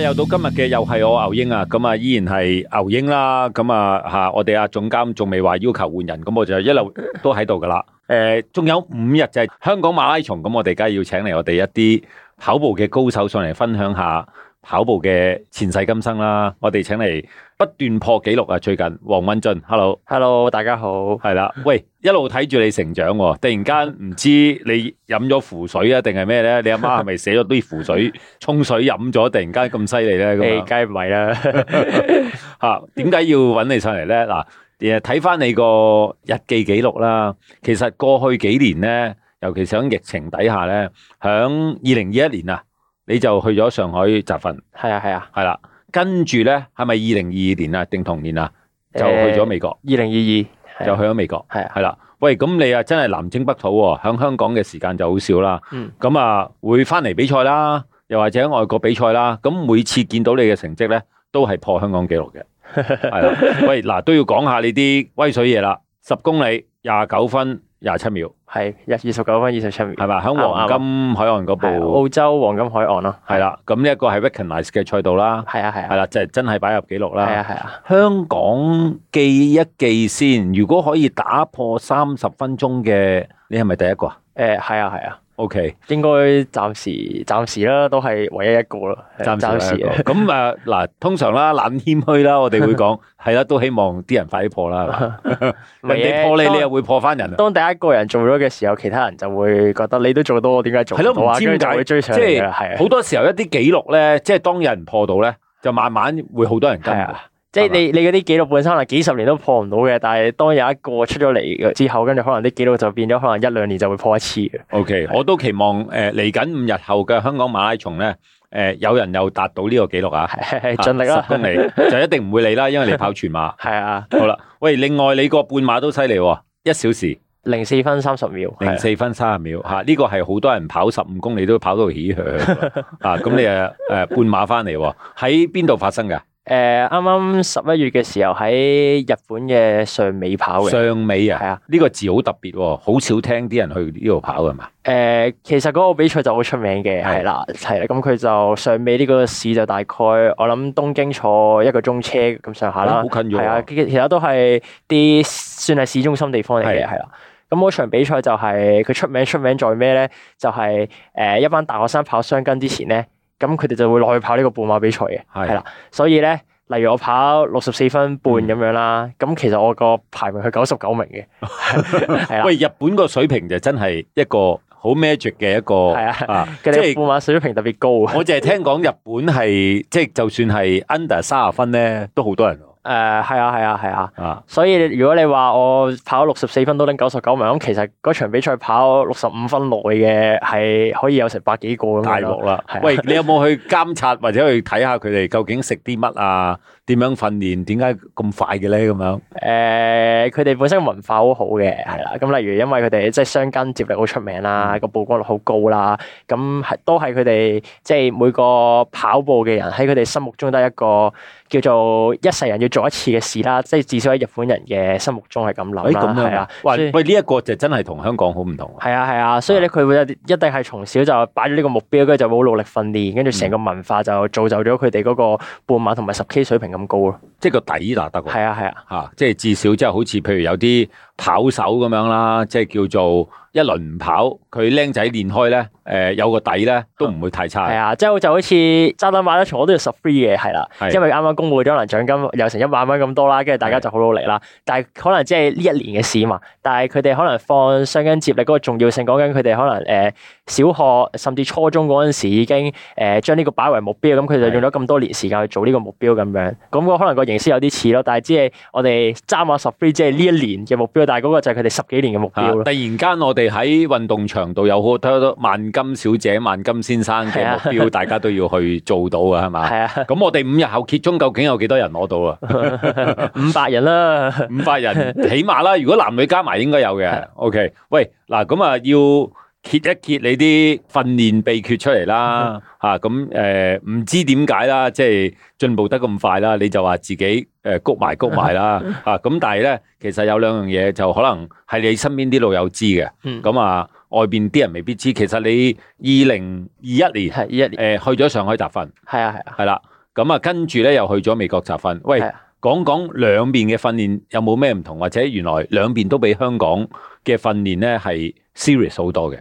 啊、又到今日嘅又係我牛英啊，咁、嗯、啊依然係牛英啦，咁、嗯、啊吓，我哋啊，總監仲未話要求換人，咁、嗯、我就一路都喺度噶啦。誒、呃，仲有五日就係香港馬拉松，咁、嗯、我哋而家要請嚟我哋一啲跑步嘅高手上嚟分享下。跑步嘅前世今生啦，我哋請嚟不斷破紀錄啊！最近黃尹雋，hello hello，大家好，係啦，喂，一路睇住你成長，突然間唔知你飲咗符水啊，定係咩咧？你阿媽係咪寫咗啲符水沖水飲咗，突然間咁犀利咧？誒、 欸，梗係唔係啦，吓，點解要揾你上嚟咧？嗱，誒，睇翻你個日記記錄啦，其實過去幾年咧，尤其是喺疫情底下咧，響二零二一年啊。你就去咗上海集訓，係啊係啊，係啦。跟住呢係咪二零二二年啊，定同、啊、年啊，就去咗美國？二零二二就去咗美國，係係啦。喂，咁你啊真係南征北討喎、哦，喺香港嘅時間就好少啦。嗯，咁啊會翻嚟比賽啦，又或者外國比賽啦。咁每次見到你嘅成績呢，都係破香港紀錄嘅。係啦、 啊，喂，嗱都要講下你啲威水嘢啦。十公里廿九分。廿七秒，係二二十九分二十七秒，係嘛？喺黃金海岸嗰部澳洲黃金海岸咯，係啦。咁呢一個係 recognized 嘅賽道啦，係啊係啊，係啦，就是，真係擺入紀錄啦。係啊係啊。香港記一記先，如果可以打破三十分鐘嘅，你係咪第一個啊？誒，係啊係啊。O Okay . K，應該暫時暫時啦，都係唯一一個啦。暫時咁啊，嗱、 嗯，通常啦，懶謙虛啦，我哋會講係啦，都希望啲人快啲破啦。係咪？你 的破你，你又會破翻人當。當第一個人做咗嘅時候，其他人就會覺得你都做到，點解做唔到？係咯，唔知點解即係是好對多時候一啲紀錄咧，即係當有人破到咧，就慢慢會好多人跟對。即係你你嗰啲紀錄本身啊，幾十年都破唔到嘅，但係當有一個出咗嚟之後，跟住，可能啲紀錄就變咗，可能一兩年就會破一次。O K，我都期望誒，嚟緊五日後嘅香港馬拉松咧，誒，有人又達到呢個紀錄啊！係，盡力啦，十公里就一定唔會嚟啦，因為你跑全馬。係啊，好啦，喂，另外你個半馬都犀利，一小時零四分三十秒，零四分三十秒吓，呢個係好多人跑十五公里都跑到起去吓！咁你誒誒半馬翻嚟喎，喺邊度發生㗎？誒啱啱，十一月嘅時候喺日本嘅上尾跑嘅。上尾啊，係是的 啊，呢個字好特別喎，好少聽啲人去呢度跑㗎嘛。誒、呃，其實嗰個比賽就好出名嘅，係啦是的，係啦，咁佢就上尾呢個市就大概我諗東京坐一個鐘車咁上下啦，係啊，好近啊，其實都係啲算係市中心地方嚟嘅，係啦是的。咁嗰、那個、場比賽就係佢出名，出名在咩咧？就係、是、誒、呃、一班大學生跑雙根之前咧。咁佢哋就會落去跑呢個半馬比賽嘅，係啦是的。所以咧，例如我跑六十四分半咁樣啦，咁、嗯、其實我個排名係九十九名嘅。喂，日本個水平就真係一個好 magic 嘅一個，係的啊，即係半馬水平特別高，就是。 我淨係聽講日本係即係就算係 under 三十分咧，都好多人。誒，係、uh，啊，係啊，係啊，所以如果你話我跑六十四分都拎九十九名，咁其實嗰場比賽跑六十五分內嘅係可以有成百幾個，咁大鑊啦。啊、喂，你有冇去監察或者去睇下佢哋究竟食啲乜啊？點樣訓練？點解咁快嘅咧？咁樣誒，佢哋本身文化好好嘅，係啦、啊。咁例如因為佢哋即係箱根接力好出名啦，個、嗯、曝光率好高啦。咁都係佢哋即係每個跑步嘅人喺佢哋心目中都係一個。叫做一世人要做一次嘅事啦，即係至少喺日本人嘅心目中係咁諗啦，係啦、哎。喂喂，呢一個就真係同香港好唔同啊！係啊係啊，所以咧佢會一定係從小就擺咗呢個目標，跟住就好努力訓練，跟住成個文化就造就咗佢哋嗰個半馬同埋十 K 水平咁高咯、嗯，即係個底啦得喎。係啊係啊，嚇、啊！即係、啊啊、至少即係好似譬如有啲。跑手咁樣啦，即係叫做一輪跑，佢僆仔練開咧，誒、呃、有個底咧，都唔會太差。係啊、嗯，即係就好似揸粒馬，咧從我都要十 f r e e 嘅，係啦，的因為啱啱工會可能獎金有成一萬蚊咁多啦，跟住大家就好努力啦。的但係可能即係呢一年嘅事嘛，但係佢哋可能放雙跟接力嗰個重要性，講緊佢哋可能誒。呃小學甚至初中嗰陣時已經誒將呢個擺為目標，咁佢就用咗咁多年時間去做呢個目標咁樣。咁個可能個形式有啲似咯，但係只係我哋爭下十飛，即係呢一年嘅目標，但係嗰個就係佢哋十幾年嘅目標咯、啊。突然間，我哋喺運動場度有好多，多，多萬金小姐、萬金先生嘅目標，大家都要去做到嘅係嘛？係啊。咁吧 我哋五日後揭盅，究竟有幾多人攞到啊？五百人啦，五百人 起碼啦。如果男女加埋，應該有嘅。OK，、啊、喂嗱，咁啊要。要要揭一揭你啲訓練秘訣出嚟啦，吓咁誒，唔、嗯啊呃、知點解啦，即係進步得咁快啦，你就話自己誒谷、呃、埋谷埋啦，啊咁，嗯嗯嗯、但係咧，其實有兩樣嘢就可能係你身邊啲老友知嘅，咁啊外邊啲人未必知。其實你二零二一年係二一年，誒去咗上海集訓，係啊係啊，係啦，咁啊跟住咧又去咗美國集訓。喂，講講兩邊嘅訓練有冇咩唔同，或者原來兩邊都比香港嘅訓練咧係 serious 好多嘅。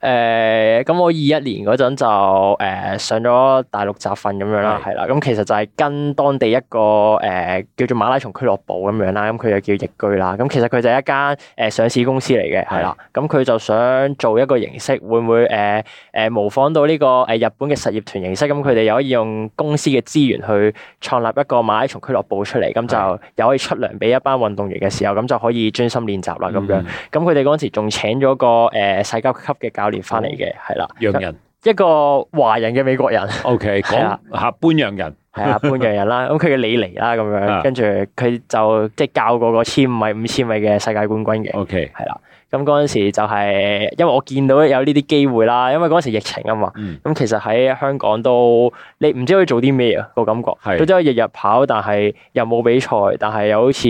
誒，咁、呃、我二一年嗰陣就誒、呃、上咗大陸集訓咁樣啦，係啦的，咁其實就係跟當地一個誒、呃、叫做馬拉松俱樂部咁樣啦，咁佢又叫易居啦，咁其實佢就係一間誒、呃、上市公司嚟嘅，係啦，咁佢的就想做一個形式，會唔會誒誒、呃呃、模仿到呢個誒日本嘅實業團形式，咁佢哋又可以用公司嘅資源去創立一個馬拉松俱樂部出嚟，咁就又可以出糧俾一班運動員嘅時候，咁就可以專心練習啦咁樣，咁佢哋嗰陣時仲請咗個誒世界級嘅教年翻嚟嘅係啦，洋人一個華人嘅美國人，OK 係啦吓，半洋人係啊，半的 洋人啦。咁佢嘅你嚟啦咁樣， 跟住佢就即係教過個千米、五千米嘅世界冠軍嘅，OK 係啦。咁嗰陣時就係、是、因為我見到有呢啲機會啦，因為嗰陣時疫情啊嘛。咁、嗯、其實喺香港都你唔知可以做啲咩啊個感覺，佢只可以日日跑，但係又冇比賽，但係又好似。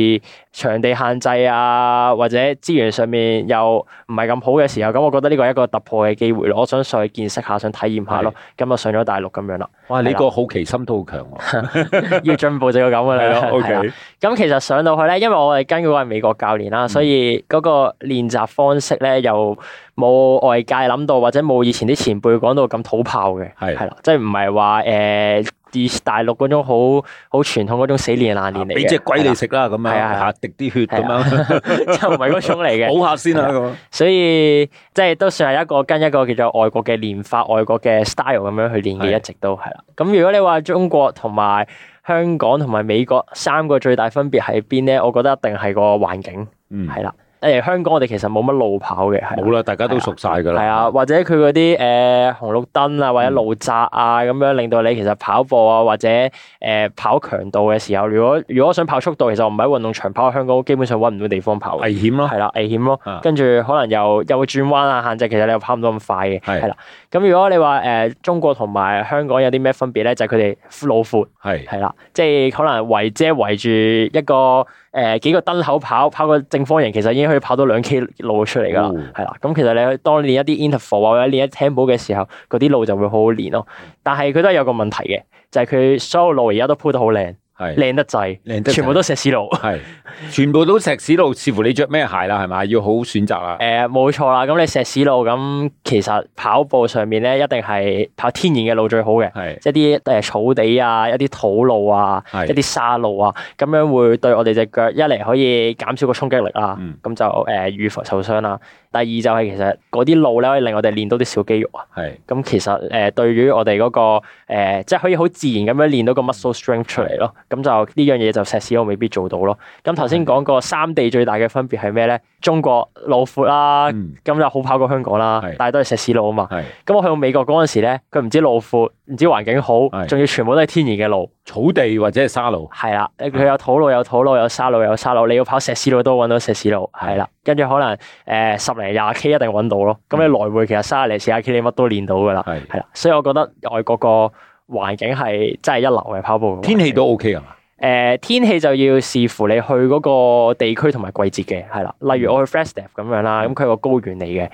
場地限制啊，或者資源上面又唔係咁好嘅時候，咁我覺得呢個係一個突破嘅機會咯。我想上去見識下，想體驗下咯。咁啊的，上咗大陸咁樣啦。哇！你個好奇心都好強喎、啊。 要進步就要咁嘅啦。係啦，OK 咁其實上到去咧，因為我係跟嗰位美國教練啦，所以嗰個練習方式咧又冇外界諗到，或者冇以前啲前輩講到咁土炮嘅。係的。係啦的，即係唔係話誒？Uh, This, 大陸嗰種好好傳統嗰種死練爛練嚟嘅，俾隻鬼嚟食啦咁啊，滴啲血咁樣，就唔係嗰種嚟嘅，補下 先啊！所以即係都算係一個跟一個叫做外國嘅練法、外國嘅 style 咁樣去練嘅，的一直都係啦。咁如果你話中國同埋香港同埋美國三個最大分別喺邊咧？我覺得一定係個環境，係啦、嗯。誒，香港我哋其實冇乜路跑嘅，冇啦，大家都熟晒噶啦。係啊，或者佢嗰啲誒紅綠燈啊，或者路窄啊，咁樣令到你其實跑步啊，或者誒跑強度嘅時候，如果如果想跑速度，其實我唔喺運動場跑，香港基本上搵唔到地方跑。危險咯，係啦，危險咯。跟住可能又又會轉彎啊，限制，其實你又跑唔到咁快嘅。係啦，咁如果你話誒中國同埋香港有啲咩分別咧？就係佢哋路闊，係係啦，即係可能圍遮係圍住一個。誒、呃、幾個燈口跑跑個正方形，其實已經可以跑到兩 K 路出嚟噶啦，係啦，哦。咁其實你當練一啲 interval 或者練一 tempo 嘅時候，嗰啲路就會好好練咯。但係佢都係有個問題嘅，就係、係，佢所有路而家都鋪得好靚，靚得滯，全部都石屎路。全部都石屎路，似乎你着咩鞋啦，係咪？要好，好選擇、呃、啦。誒，冇錯啦。咁你石屎路咁，其實跑步上面咧，一定係跑天然嘅路最好嘅。係是，一啲誒草地啊，一啲土路啊，是一啲沙路啊，咁樣會對我哋隻腳一嚟可以減少個衝擊力啊。嗯。咁就誒預防受傷啦。第二就係其實嗰啲路咧可以令我哋練到啲小肌肉啊。係是。咁其實誒、呃、對於我哋嗰、那個誒即係可以好自然咁樣練到個 muscle strength 出嚟咯。咁就呢樣嘢就石屎路未必做到咯。咁。頭先講過三地最大嘅分別係咩咧？中國路闊啦，咁就好跑過香港啦。但係都係石屎路啊嘛。咁我去到美國嗰陣時咧，佢唔知路闊，唔知環境好，仲要全部都係天然嘅路，草地或者係沙路。係啦，佢有土路，有土路，有沙路，有沙路。你要跑石屎路都揾到石屎路。係啦，跟住可能誒十零廿 K 一定揾到咯。咁你來回其實三十零四廿 K 你乜都練到㗎啦。係啦，所以我覺得外國個環境係真係一流嘅跑步。天氣都 OK 係誒、呃，天氣就要視乎你去嗰個地區同埋季節嘅，係啦。例如我去 Fresno 咁樣啦，咁佢係個高原嚟嘅，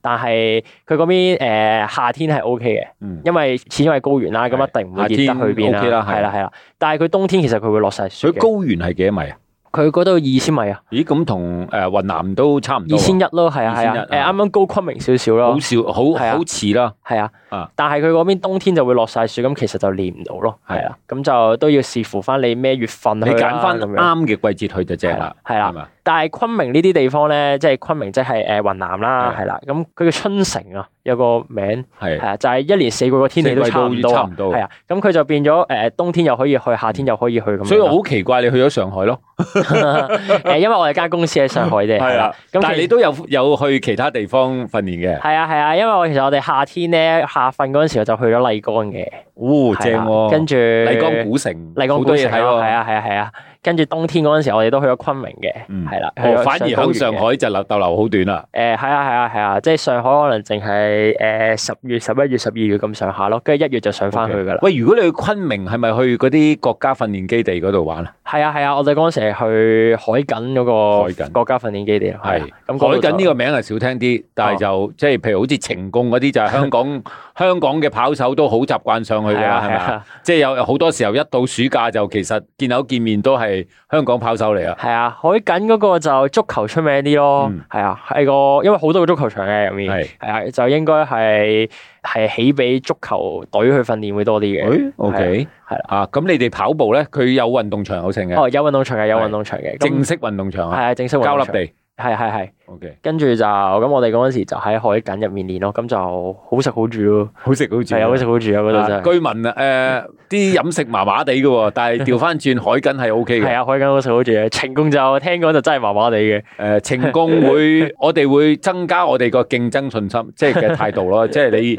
但係佢嗰邊誒夏天係 OK 嘅，因為始終係高原啦，咁一定唔會熱得去邊啦，係啦係啦。但係佢冬天其實佢會落晒雪。佢高原係幾多米啊？佢嗰度二千米啊！咦，咁同誒雲南都差唔多、啊。二千一咯，係啊，係啊，誒啱啱高昆明少少咯。少好好似、啊、啦，係啊。但係佢嗰邊冬天就會落晒雪，咁其實就練唔到咯。係啊，咁、啊、就都要視乎翻你咩月份去、啊，你揀翻啱嘅季節去就正啦。係啦、啊。但係昆明呢啲地方咧，即係昆明，即係誒雲南啦，係啦。咁佢叫春城啊，有個名係啊。就係一年四季個天氣都差唔多，係啊。咁佢就變咗誒冬天又可以去，夏天又可以去咁。所以我好奇怪你去咗上海咯？誒，因為我哋間公司喺上海啫。係啦。咁但係你都有有去其他地方訓練嘅？係啊，係啊，因為我其實我哋夏天咧夏訓嗰陣時，就去咗麗江嘅。哦，正，跟住麗江古城，好多嘢睇喎。係啊，係啊，係啊。跟住冬天嗰陣時，我哋都去咗昆明嘅，係啦。反而喺上海就逗留好短啦。誒，係啊，係啊，係啊，即係上海可能淨係誒十月、十一月、十二月咁上下咯，跟住一月就上返去噶啦。喂，如果你去昆明，係咪去嗰啲國家訓練基地嗰度玩啊？係啊係啊，我哋嗰陣時去海埂嗰個國家訓練基地係。咁海埂呢個名係少聽啲，但係就即係譬如好似呈貢嗰啲，就係香港香港嘅跑手都好習慣上去嘅。係即係有好多時候一到暑假就其實見到見面都係。香港跑手嚟啊，係啊，海景嗰個就足球出名啲咯，係、嗯、啊，係個因為好多個足球場嘅入面，係是啊，就應該係係起俾足球隊去訓練會多啲嘅，O K，係啊，咁、啊啊、你哋跑步咧，佢有運動場好正嘅，哦，有運動場嘅，有運動場嘅，啊、正式運動場啊，係啊、嗯，正式運動場膠粒地。係係係，OK，跟住就咁，我哋嗰陣時就喺海埂入面練咯，咁就好食好住咯，好食好住，係啊，好食好住啊，嗰度真係居民啊，誒，啲飲食麻麻地嘅，但係調翻轉海埂係 OK 嘅，係啊，海埂好食好住啊，呈貢就聽講就真係麻麻地嘅，誒，呈貢會我哋會增加我哋個競爭信心，即係嘅態度咯，即係你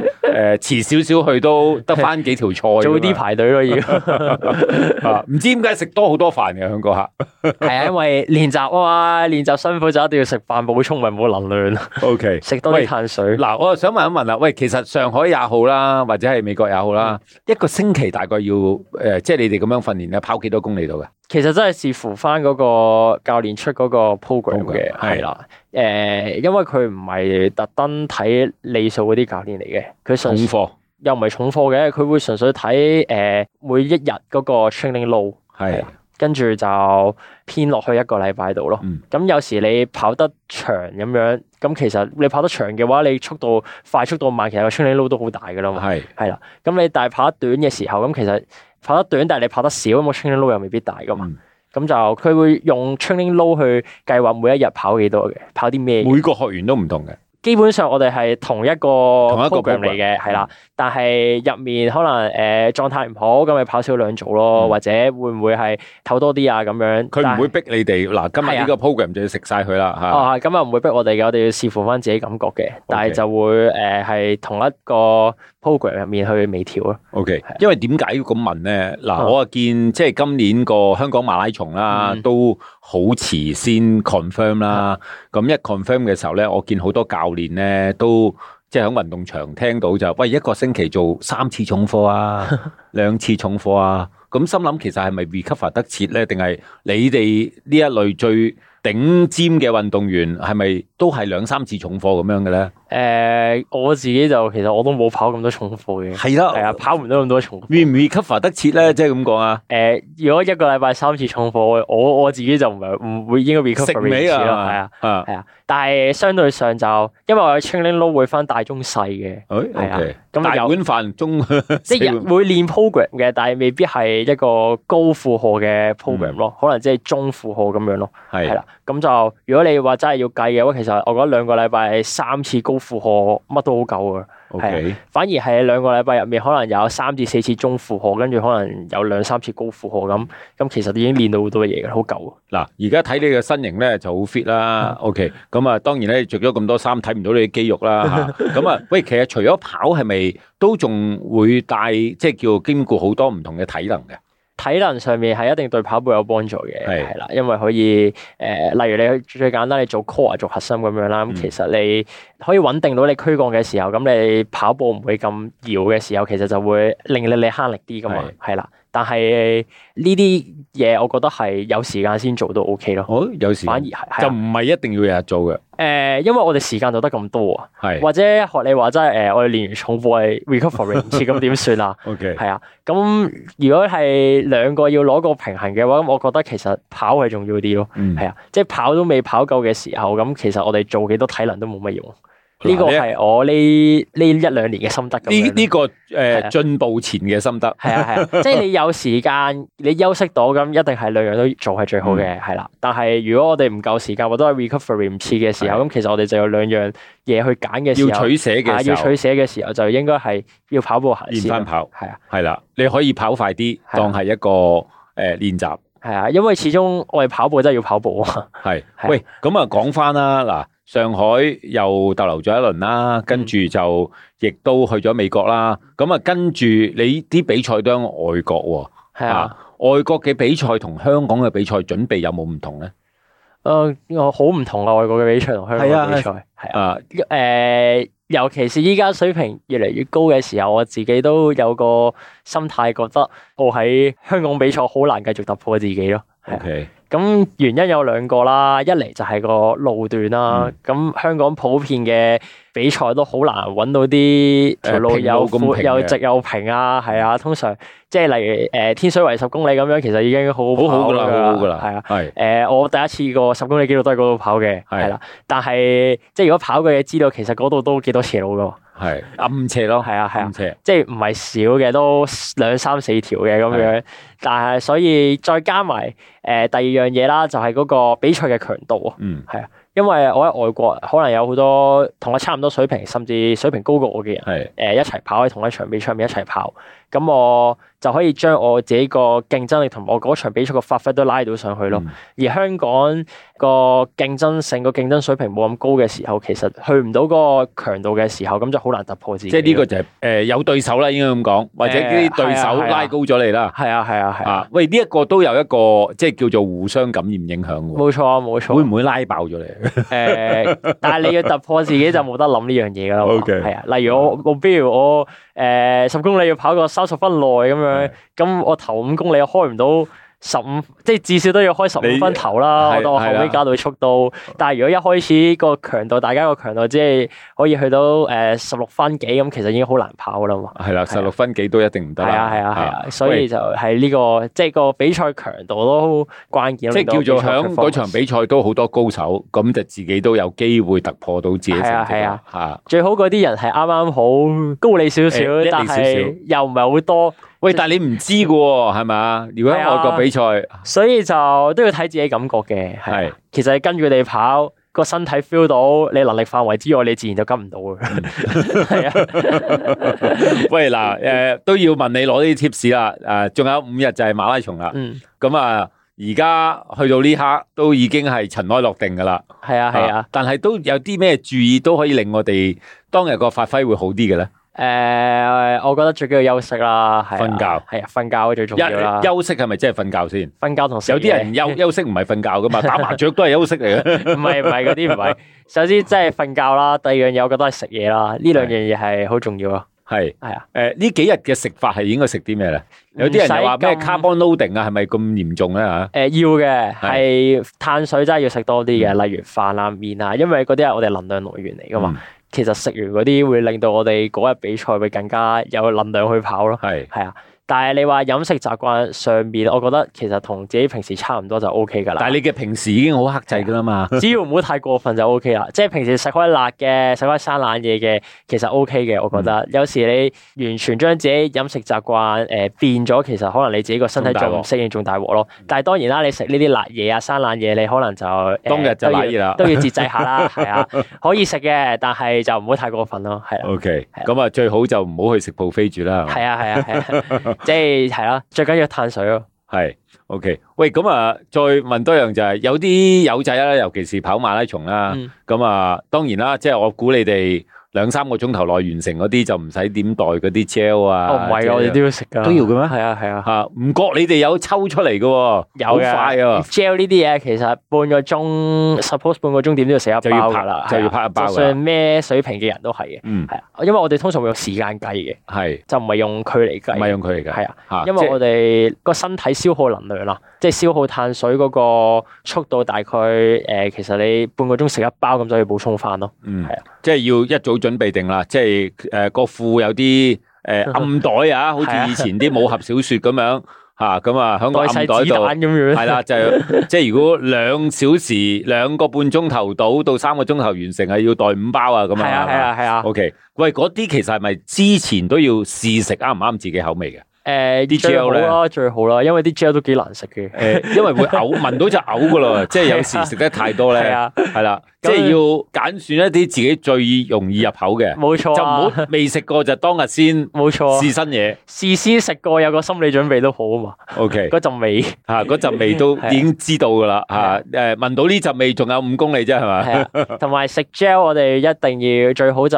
誒遲少少去都得翻幾條菜，做啲排隊都要，唔知點解食多好多飯嘅香港客，係啊，因為練習啊嘛，練習辛苦咗。都要食飯，冇會充埋冇能量。OK，食多啲碳水。嗱，我又想問一問啦，喂，其實上海也好啦，或者係美國也好啦，的一個星期大概要誒、呃，即係你哋咁樣訓練咧，跑幾多公里度嘅？其實真係視乎翻嗰個教練出嗰個 program 嘅。係啦，誒的，因為佢唔係特登睇理數嗰啲教練嚟嘅，佢純又唔係重課嘅，佢會純粹睇誒、呃、每一日嗰個 training load。係。跟住就偏落去一個禮拜度咯。咁、嗯、有時你跑得長咁樣，咁其實你跑得長嘅話，你速度快速度慢，其實 training load 都好大噶啦嘛。係係啦，咁你大跑得短嘅時候，咁其實跑得短，但係你跑得少，咁 training load 又未必大噶嘛。咁、嗯、就佢會用 training load 去計劃每一日跑幾多嘅，跑啲咩？每個學員都唔同嘅。基本上我哋係同一個 program 嚟嘅，係啦，了嗯、但係入面可能誒狀態唔好，咁咪跑少兩組咯，嗯、或者會唔會係唞多啲啊咁樣？佢唔會逼你哋，嗱是今日呢個 program 就要食晒佢啦吓。哦、啊，咁啊唔會逼我哋嘅，我哋要視乎返自己感覺嘅，嗯、但係就會誒係、呃、同一個。program 入面去微調啊，O K，因為點解要咁問咧？嗱，啊我啊見即係今年個香港馬拉松啦，嗯、都好遲先 confirm 啦。咁、嗯、一 confirm 嘅時候咧，我見好多教練咧都即係喺運動場聽到就喂，一個星期做三次重課啊。 兩次重課啊！咁心諗其實係咪 recover 得切咧？定係你哋呢一類最頂尖嘅運動員係咪都係兩三次重課咁樣嘅咧？誒，我自己就其實我都冇跑咁多重課嘅。係啦，係啊，跑唔到咁多重。會 recover 得切咧？即係咁講啊？誒，如果一個禮拜三次重課，我我自己就唔係唔會應該 recover 得切啊，係啊，但係相對上就因為我有清零，會翻大中細嘅。誒，OK，大碗飯中即係會練。program 嘅，但係未必係一個高負荷嘅 program 咯、嗯，可能即係中負荷咁樣咯。係啦是，咁就如果你話真係要計嘅話，其實我覺得兩個禮拜三次高負荷，乜都好夠噶。係，OK，反而係兩個禮拜入面，可能有三至四次中負荷，跟住，可能有兩三次高負荷咁，咁其實已經練到好多嘢嘅，好舊嗱，而家睇你嘅身形咧就好 fit 啦，OK，咁啊，當然咧着咗咁多衫睇唔到你嘅肌肉啦吓，咁啊，喂，其實除咗跑係咪都仲會帶，即係叫兼顧好多唔同嘅體能嘅？體能上面係一定對跑步有幫助嘅，係啦是，因為可以誒、呃，例如你最簡單你做 core 做核心咁樣啦，咁、嗯、其實你可以穩定到你軀幹嘅時候，咁你跑步唔會咁搖嘅時候，其實就會令你你慳力啲㗎嘛，係啦是。但係呢啲嘢，我覺得係有時間先做都 OK 咯。好、哦，有時反而係就唔係一定要日日做嘅。誒、呃，因為我哋時間做得咁多啊。係或者學你話齋，誒，我哋練完重課係 recover 唔切，咁點算啊？OK，係啊。咁如果係兩個要攞個平衡嘅話，咁我覺得其實跑係重要啲咯。係、嗯、啊，即係跑都未跑夠嘅時候，咁其實我哋做幾多體能都冇乜用。呢個係我呢呢一兩年嘅心得咁樣。呢呢個誒進步前嘅心得。係啊係啊，即係你有時間你休息到咁，一定係兩樣都做係最好嘅，係啦。但係如果我哋唔夠時間，或者我哋 recovery 唔切嘅時候，咁其實我哋就有兩樣嘢去揀嘅時候。要取捨嘅時候。啊，要取捨嘅時候就應該係要跑步行。練翻跑。係啊。係啦，你可以跑快啲，當係一個誒練習。係啊，因為始終我哋跑步真係要跑步啊。係。喂，咁啊，講翻啦，嗱。上海又逗留咗一輪啦，跟住就亦都去咗美國啦。咁啊，跟住你啲比賽都喺外國喎。係啊，外國嘅比賽同香港嘅比賽準備有冇唔同呢？誒，我好唔同啊！外國嘅比賽同香港嘅比賽，係啊，誒、啊啊呃，尤其是依家水平越嚟越高嘅時候，我自己都有個心態，覺得我喺香港比賽好難繼續突破自己咯。啊、OK。咁原因有兩個啦，一嚟就係個路段啦。咁、嗯、香港普遍嘅比賽都好難揾到啲路又闊又直又平啊，係啊。通常即係例如誒、呃、天水圍十公里咁樣，其實已經好，好好跑嘅。係啊，誒我第一次個十公里紀錄都喺嗰度跑嘅，係啦、啊啊啊。但係即係如果跑過嘢知道，其實嗰度都幾多斜路㗎。係暗斜咯，係啊，係啊，啊即係唔係少嘅，都兩三四條嘅咁樣。是啊、但係所以再加埋誒、呃、第二樣嘢啦，就係、是、嗰個比賽嘅強度啊。嗯，係啊，因為我喺外國，可能有好多同我差唔多水平，甚至水平高過我嘅人，係誒是、啊呃、一齊跑喺同一場比賽入面一齊跑。咁我就可以將我自己個競爭力同我嗰場比賽個發揮都拉到上去咯。嗯、而香港個競爭性、個競爭水平冇咁高嘅時候，其實去唔到嗰個強度嘅時候，咁就好難突破自己。即係呢個就係、是、誒、呃、有對手啦，應該咁講，或者啲對手拉高咗你啦。係、欸、啊，係啊，係、啊啊啊。喂，呢、這、一個都有一個即係叫做互相感染影響喎。冇錯，冇錯。會唔會拉爆咗你？誒、 欸，但係你要突破自己就冇得諗呢樣嘢噶啦。OK，係啊。例如我，我、嗯、比如我。我誒、呃、十公里要跑個三十分內咁樣，咁是的 我頭五公里又開唔到。十五，即係至少都要開十五分頭啦。我當後尾加到速度，但係如果一開始個強度，大家個強度只係可以去到誒十六分幾，咁其實已經好難跑啦嘛。係啦，十六分幾都一定唔得啦。係啊，係啊，係啊，所以就係呢個即係個比賽強度都關鍵。即係叫做響嗰場比賽都好多高手，咁就自己都有機會突破到自己成績。係啊，係啊，吓最好嗰啲人係啱啱好高你少少，但係又唔係好多。喂，但係你唔知嘅喎，係咪啊？如果喺外國比賽，啊，所以就都要睇自己感覺嘅，係、啊。啊、其實跟住你跑，個身體 feel 到，你能力範圍之外，你自然就跟唔到。係啊。 喂，嗱，誒、呃，都要問你攞啲 tips 啦。誒、呃，仲有五日就係馬拉松啦。嗯。咁啊，而家去到呢刻都已經係塵埃落定噶啦。係啊，係啊，啊。但係都有啲咩注意都可以令我哋當日個發揮會好啲嘅咧？誒，我覺得最緊要休息啦，係瞓覺，係啊，瞓覺最重要。休息係咪真係瞓覺先？瞓覺同有啲人休休息唔係瞓覺噶嘛，打麻雀都係休息嚟嘅。唔係唔係嗰啲唔係。首先即係瞓覺啦，第二樣嘢我覺得係食嘢啦，呢兩樣嘢係好重要啊。係係啊。誒，呢幾日嘅食法係應該食啲咩咧？有啲人又話咩 carbo loading 啊，係咪咁嚴重咧吓？誒，要嘅係碳水真係要食多啲嘅，例如飯啦、麵啦，因為嗰啲係我哋能量來源嚟噶嘛。其實食完嗰啲會令到我哋嗰日比賽會更加有能量去跑咯，係係啊。但係你話飲食習慣上面，我覺得其實同自己平時差唔多就 O K 噶啦。但係你嘅平時已經好克制噶啦嘛， 只要唔好太過分就 O K 啦。即係平時食開辣嘅，食開生冷嘢嘅，其實 O K 嘅，我覺得。嗯、有時你完全將自己飲食習慣誒、呃、變咗，其實可能你自己個身體仲唔適應，仲大禍大鑊咯。但係當然啦，你食呢啲辣嘢啊、生冷嘢，你可能就、呃、冬日就 都要節制下啦。係啊，可以食嘅，但係就唔好太過分咯。係。O K，咁啊，okay，啊最好就唔好去食 buffet 住啦。係啊，係啊，係啊。即係係啊，最緊要碳水咯。係，OK。喂，咁啊，再問多樣就係，有啲友仔啦，尤其是跑馬拉松啦，咁啊、嗯，當然啦，即係我估你哋兩三個鐘頭內完成嗰啲就唔使點帶嗰啲 gel 啊！哦，唔係我哋都要食噶都要嘅咩？係啊係啊吓，唔覺你哋有抽出嚟嘅，有快嘅 gel 呢啲嘢其實半個鐘，suppose 半個鐘點都要食一包就要拍啦，就要拍一包嘅。咩水平嘅人都係嘅，係啊，因為我哋通常會用時間計嘅，係就唔係用距離計，唔係用距離計，係啊，因為我哋個身體消耗能量啦，即係消耗碳水嗰個速度大概誒，其實你半個鐘食一包咁就要補充翻咯，係啊。即係要一早準備定啦，即係誒個褲有啲誒、呃、暗袋啊，好似以前啲武俠小說咁樣吓，咁 era, 啊喺個暗袋度，係啦就即、是、係如果兩小時兩個半鐘頭到到三個鐘頭完成係要袋五包啊，咁啊係啊係啊 OK 喂，嗰啲其實係咪之前都要試食啱唔啱自己口味嘅？誒，最好最好啦， 因為啲 gel 都幾難食嘅，誒、嗯，因為會嘔，聞 到就嘔噶啦，即係、就是、有時食得太多咧，係啦、 啊。即係要揀選一啲自己最容易入口嘅，冇錯，就唔好未食過就當日先，冇錯，試新嘢，事先食過有個心理準備都好啊嘛。OK，嗰陣味吓，嗰陣味都已經知道噶啦吓，誒，聞到呢陣味仲有五公里啫係嘛？同埋食 gel，我哋一定要最好就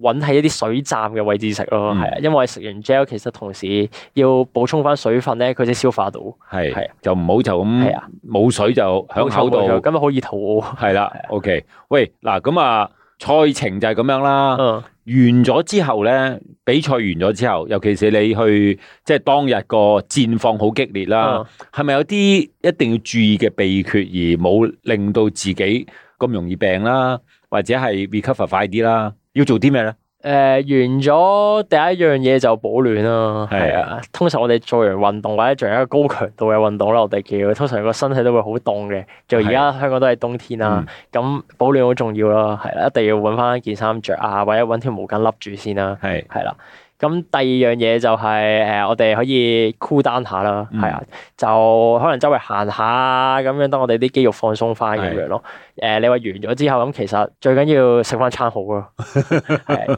搵喺一啲水站嘅位置食咯，係啊，因為食完 gel 其實同時要補充翻水分咧，佢先消化到。係係，就唔好就咁冇水就響口度，咁樣咪好易肚餓。係啦。O、okay. K，喂，嗱咁啊，賽程就係咁樣啦。嗯、完咗之後咧，比賽完咗之後，尤其是你去即係當日個戰況好激烈啦，係咪、嗯、有啲一,一定要注意嘅秘訣而冇令到自己咁容易病啦、啊，或者係 recover 快啲啦、啊，要做啲咩咧？誒、呃，完咗第一樣嘢就保暖啦。係啊的，通常我哋做完運動或者做一個高強度嘅運動啦，我哋叫通常個身體都會好凍嘅。就而家香港都係冬天啦，咁的保暖好重要咯。係啦，一定要搵翻件衫着啊，或者搵條毛巾笠住先啦。係係啦。的咁第二樣嘢就係誒，我哋可以 cooldown 下啦，係啊，就可能周圍行下咁樣，等我哋啲肌肉放鬆翻咁樣咯。誒，你話完咗之後，咁其實最緊要食翻餐好咯，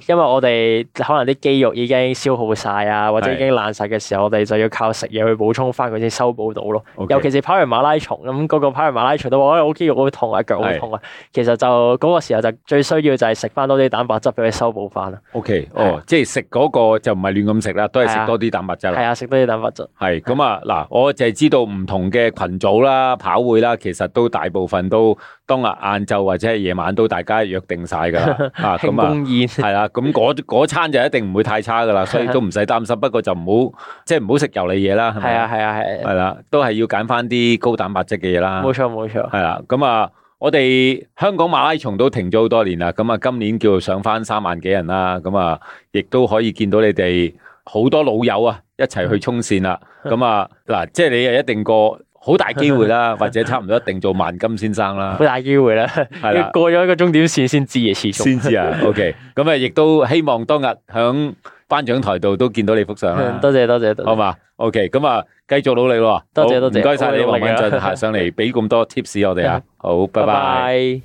因為我哋可能啲肌肉已經消耗晒啊，或者已經爛晒嘅時候，我哋就要靠食嘢去補充翻佢先修補到咯。尤其是跑完馬拉松咁，嗰個跑完馬拉松都話：我肌肉好痛啊，腳好痛啊。其實就嗰個時候就最需要就係食翻多啲蛋白質俾佢修補翻啦。OK，哦，即係食嗰我就唔係亂咁食啦，都係食多啲蛋白質啦。係啊，食多啲蛋白質。係咁啊，嗱，我就係知道唔同嘅群組啦、跑會啦，其實都大部分都當日晏晝或者係夜晚都大家約定晒噶。慶、 啊、功宴係啦、啊，咁嗰、啊、餐就一定唔會太差噶啦，所以都唔使擔心。 不過就唔好即係唔好食油膩嘢啦。係咪？係啊係啊係。係啦、啊啊啊啊，都係要揀翻啲高蛋白質嘅嘢啦。冇錯冇錯。係啦，咁啊。我哋香港馬拉松都停咗好多年啦，咁啊今年叫做上翻三萬幾人啦，咁啊亦都可以見到你哋好多老友啊，一齊去衝線啦，咁啊嗱，即係你又一定過好大機會啦， 或者差唔多一定做萬金先生啦，好 大機會啦，係啦，過咗一個終點線先知嘅先知啊 ，OK，咁啊亦都希望當日響。頒獎台度都見到你幅相。多謝多謝，多謝多謝好嘛？OK，咁啊，繼續努力咯，多謝多謝，唔該晒你黃尹雋下上嚟俾咁多 tips 我哋啊，好，拜拜。